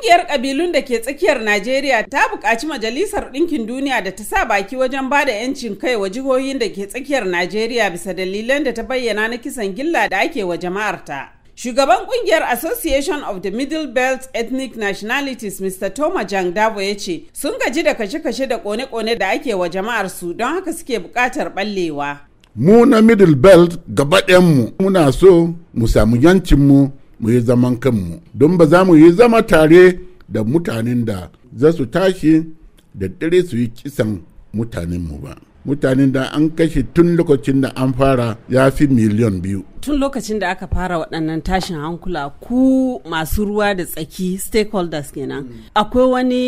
Kungiyar ƙabilun da ke tsakiyar Najeriya ta buƙaci Majalisar Ɗinkin Duniya da ta sa baki wajen ba da 'yancin kai wa jihohin da ke tsakiyar Najeriya bisa dalilan da ta bayyana na kisan gilla da ake wa jama'arta. Shugaban kungiyar Association of the Middle Belt Ethnic Nationalities Mr. Toma jangdabo ya ce sun gaji da kashe-kashe da kone-kone da ake wa jama'ar su don haka suke buƙatar ɓallewa. Mu na Middle Belt gaba mu muna so mu samu yancinmu mu yi zaman kanmu don ba za mu yi zama tare da mutanen da za su tashi da dare su yi kisan mutanenmu ba mutanen da an kashe tun lokacin da an fara ya fi miliyan biyu tun lokacin da aka fara waɗannan tashin hankula ku masu ruwa da tsaki stakeholders kenan akwai wani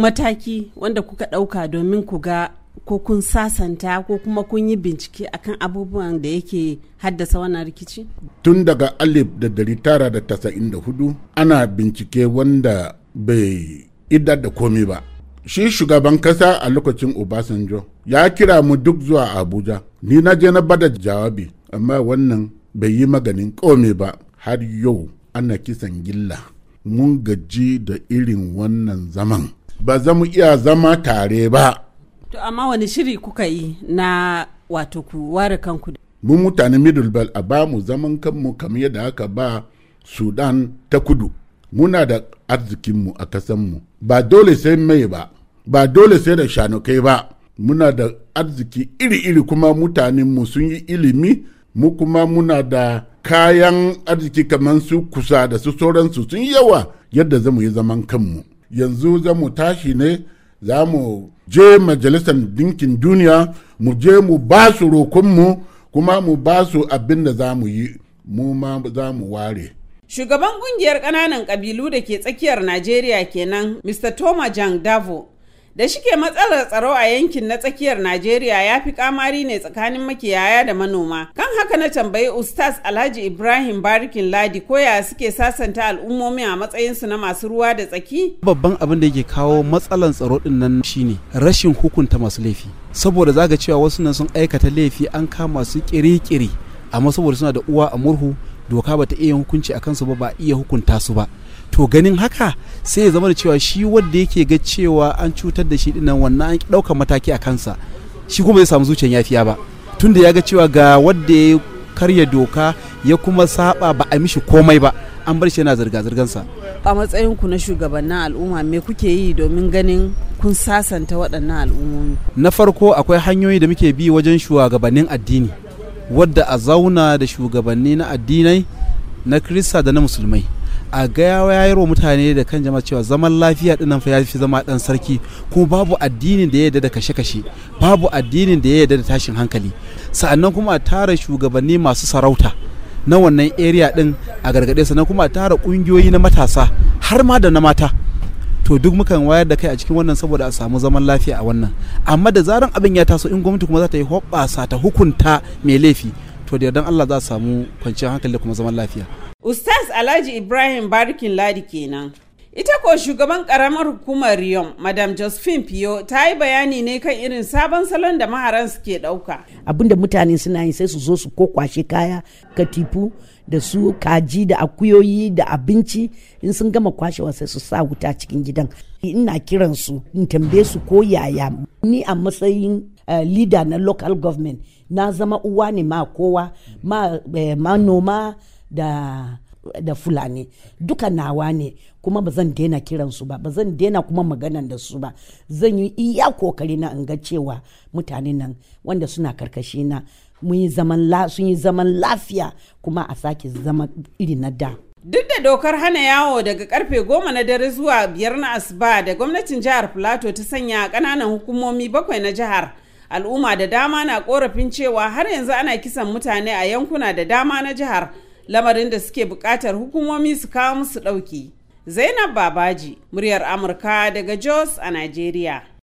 mataki wanda kuka ɗauka domin ku ga ko kun sasanta ko kuma kun yi bincike akan abubuwan da yake haddasa wannan rikici? Tun daga alif da dari tara da tasa'in da hudu ana bincike wanda bai idar da komi ba. Shi shugaban kasa a lokacin Obasanjo ya kira mu duk zuwa Abuja. Ni na je na bada jawabi amma wannan bai yi maganin komi ba har yau ana kisan gilla. Mun gaji da irin wannan zaman. Ba za mu iya zama tare ba. To amma wani shiri kuka yi na wato ku ware kanku? Mu mutanen Middle Belt a ba mu zaman kanmu kamar yadda aka ba Sudan ta kudu. Muna da arzikinmu a kasanmu. Ba dole sai mai ba, ba dole sai da shanukai ba. Muna da arziki iri-iri kuma mutanenmu sun yi ilimi, mu kuma muna da kayan arziki kamar su kusa da su sauransu sun yawa yadda zamu yi zaman kanmu. Yanzu zamu tashi ne za mu je majalisar dinkin duniya mu je mu ba su rokunmu kuma mu ba su abin da za mu yi mu ma za mu ware shugaban kungiyar ƙananan ƙabilu da ke tsakiyar najeriya kenan mr thomas jang davo da shike matsalar tsaro a yankin na tsakiyar najeriya ya fi kamari ne tsakanin makiyaya da manoma kan haka na tambayi ustaz alhaji ibrahim barikin ladi koya suke sasanta al'ummomi a matsayinsu na masu ruwa da tsaki babban abin da yake kawo matsalar tsaro din nan shine rashin hukunta masu laifi saboda zaga cewa wasu nan sun aikata laifi an kama su kiri-kiri amma saboda suna da uwa a murhu doka bata iya hukunci a kansu ba ba iya hukunta su ba to ganin haka sai ya zama da cewa shi wanda yake ga cewa an cutar da shi dinnan wannan an ɗaukar mataki a kansa shi kuma zai samu zuciyar yafiya ba tunda ya ga cewa ga wanda ya karya doka ya kuma saba ba a mishi komai ba an bar shi yana zirga-zirgansa a matsayin ku na shugabannin al'umma me kuke yi domin ganin kun sasanta waɗannan al'ummomi na farko akwai hanyoyi da muke bi wajen shugabannin addini wadda a zauna da shugabanni na addinai na krista da na musulmai a gaya ya yi mutane da kan jama'a cewa zaman lafiya dinan fa ya fi zama dan sarki kuma babu addinin da ya yarda da kashe-kashe babu addinin da ya yarda da tashin hankali sa'annan kuma a tara shugabanni masu sarauta na wannan area din a gargaɗe sannan kuma a tara ƙungiyoyi na matasa har ma da na mata to duk mukan wayar da kai a cikin wannan saboda a samu zaman lafiya a wannan amma da zaran abin ya taso in gwamnati kuma za ta yi hoɓɓasa ta hukunta mai laifi to da yardan Allah za a samu kwanciyar hankali da kuma zaman lafiya. Ustaz Alhaji Ibrahim barkin Ladi kenan. Ita ko shugaban karamar hukumar Riyon, Madam Josephine Pio, ta yi bayani ne kan irin sabon salon da maharan suke ɗauka. Abinda mutane suna yi sai su zo su kokwashe kaya, katifu, da su kaji da akuyoyi da abinci in sun gama kwashewa sai su sa wuta cikin gidan. Ina kiran su in tambaye su ko yaya ni a matsayin eh, leader na local government na zama uwa ne ma kowa ma eh, noma da da fulani duka nawa ne kuma ba zan daina kiransu ba ba zan daina kuma maganan da su ba zan yi iya kokari na in ga cewa mutanen nan wanda suna karkashi na sun yi zaman lafiya kuma a sake zama iri na da Duk da dokar hana yawo daga karfe goma na dare zuwa biyar na asuba da gwamnatin jihar plateau ta sanya kananan hukumomi bakwai na jihar al'umma da dama na korafin cewa har yanzu ana kisan mutane a yankuna da dama na jihar lamarin da suke buƙatar hukumomi su kawo musu ɗauki. Zainab Babaji, muryar Amurka daga Jos a Najeriya.